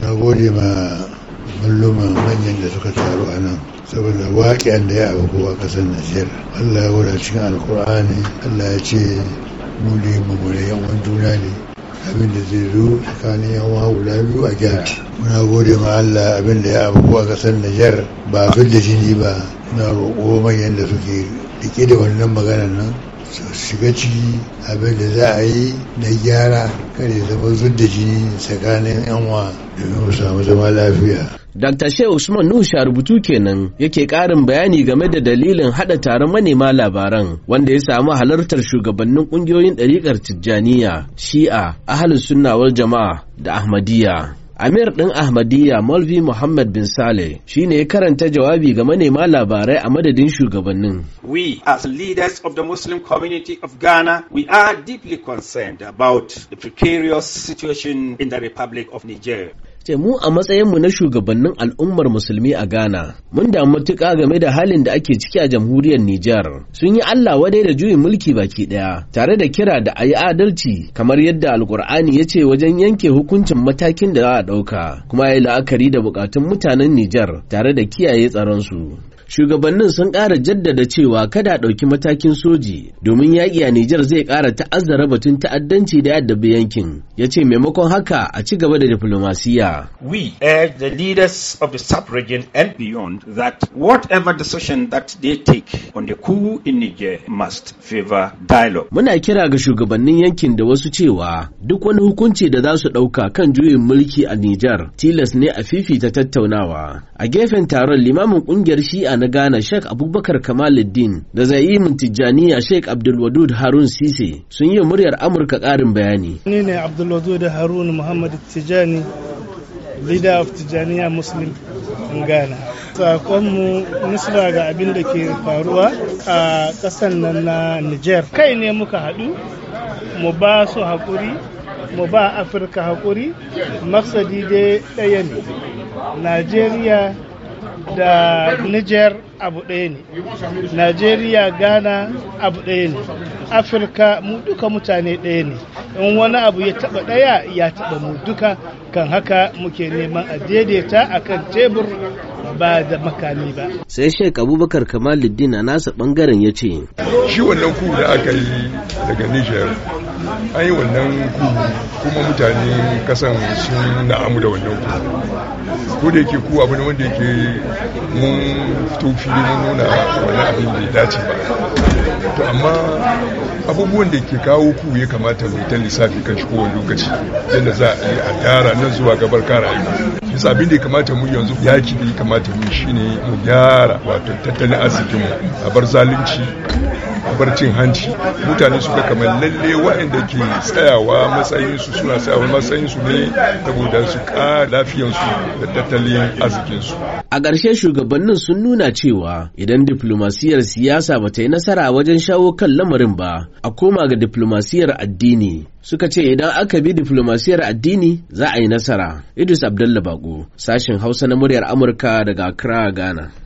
na gode ma malluma manyan da suka taru a nan saboda waƙiyan da ya abu a ƙasar najeriya allah ya wura cikin alkur'ani allah ya ce muli mummune yawan juna ne abin da zai zo tsakanin yawan guda biyu a gyara muna gode ma allah abin da ya abu a ƙasar najeriya ba abin da jini ba na roƙo manyan da suke rike da wannan maganar nan su shiga ciki abin da za a yi na gyara kare zama zub da jini tsakanin yanwa zama lafiya. Dr. Sheikh Usman Nuhu rubutu kenan yake ƙarin bayani game da dalilin haɗa taron manema labaran wanda ya samu halartar shugabannin ƙungiyoyin ɗariƙar Tijjaniya, Shi'a, Ahalus Sunna Jama'a da Ahmadiyya. Amir ɗin Ahmadiyya Malvi Muhammad bin Saleh shi ne ya karanta jawabi ga manema labarai a madadin shugabannin. We as leaders of the Muslim community of Ghana, we are deeply concerned about the precarious situation in the Republic of Niger. ce mu a matsayinmu na shugabannin al'ummar musulmi a Ghana mun damu matuƙa game da halin da ake ciki a jamhuriyar Nijar sun yi Allah wadai da juyin mulki baki ɗaya tare da kira da a yi adalci kamar yadda alkur'ani ya ce wajen yanke hukuncin matakin da za a ɗauka kuma ya yi la'akari da buƙatun mutanen Nijar tare da kiyaye tsaronsu. Shugabannin sun ƙara jaddada cewa kada ɗauki matakin soji domin yaƙi a Nijar zai ƙara ta'azzara batun ta'addanci da addabi yankin. Ya ce maimakon haka a ci gaba da diplomasiya. We urge the leaders of the sub-region and beyond that whatever decision that they take on the coup in Niger must favor dialogue. Muna kira ga shugabannin yankin da wasu cewa duk wani hukunci da za su ɗauka kan juyin mulki a Nijar tilas ne a fifita tattaunawa. A gefen taron limamin ƙungiyar Shi'a na Ghana Sheikh Abubakar Kamaluddin da Zaimin Tijjaniya Sheikh Abdulwadud Harun Sise sun yi muryar Amurka ƙarin bayani. Ni ne Abdulwadud Harun Muhammad Tijjani, leader of Tijjaniya Muslim in Ghana. Sakonmu nusra ga abin da ke faruwa a ƙasan nan na Niger. Kai ne muka haɗu, mu ba su haƙuri, mu ba afirka haƙuri maksadi dai ɗaya ne najeriya da niger abu ɗaya ne Nigeria ghana abu ɗaya ne afirka mu duka mutane ɗaya ne in wani abu ya taɓa ɗaya ya taɓa mu duka kan haka muke neman a daidaita a kan tebur ba da makami ba sai sheik abubakar kamaluddin a nasa ɓangaren ya ce shi wannan ku da aka yi daga niger an yi wannan ku kuma mutane kasan sun na'amu da wannan ku ko da yake ku abu ne wanda yake mun fito fili mun nuna wannan abin da ya dace ba to amma abubuwan da ke kawo ku ya kamata mu ta lissafi kan shi kowane lokaci yadda za a yi a gyara nan zuwa gabar kara yi bisa abin da ya kamata mu yanzu yaki da ya kamata mu ne mu gyara wato tattalin arzikinmu a bar zalunci barcin hanci mutane su ga kamar lalle waɗanda ke tsayawa matsayinsu suna tsayawa matsayin su ne saboda su lafiyan su, da tattalin arzikinsu. A ƙarshe shugabannin sun nuna cewa idan diplomasiyar siyasa ba ta yi nasara wajen shawo kan lamarin ba a koma ga diplomasiyar addini suka ce idan aka bi diplomasiyar addini za a yi nasara. Idris abdullahi Bako, sashen Hausa na muryar Amurka daga Accra, Ghana.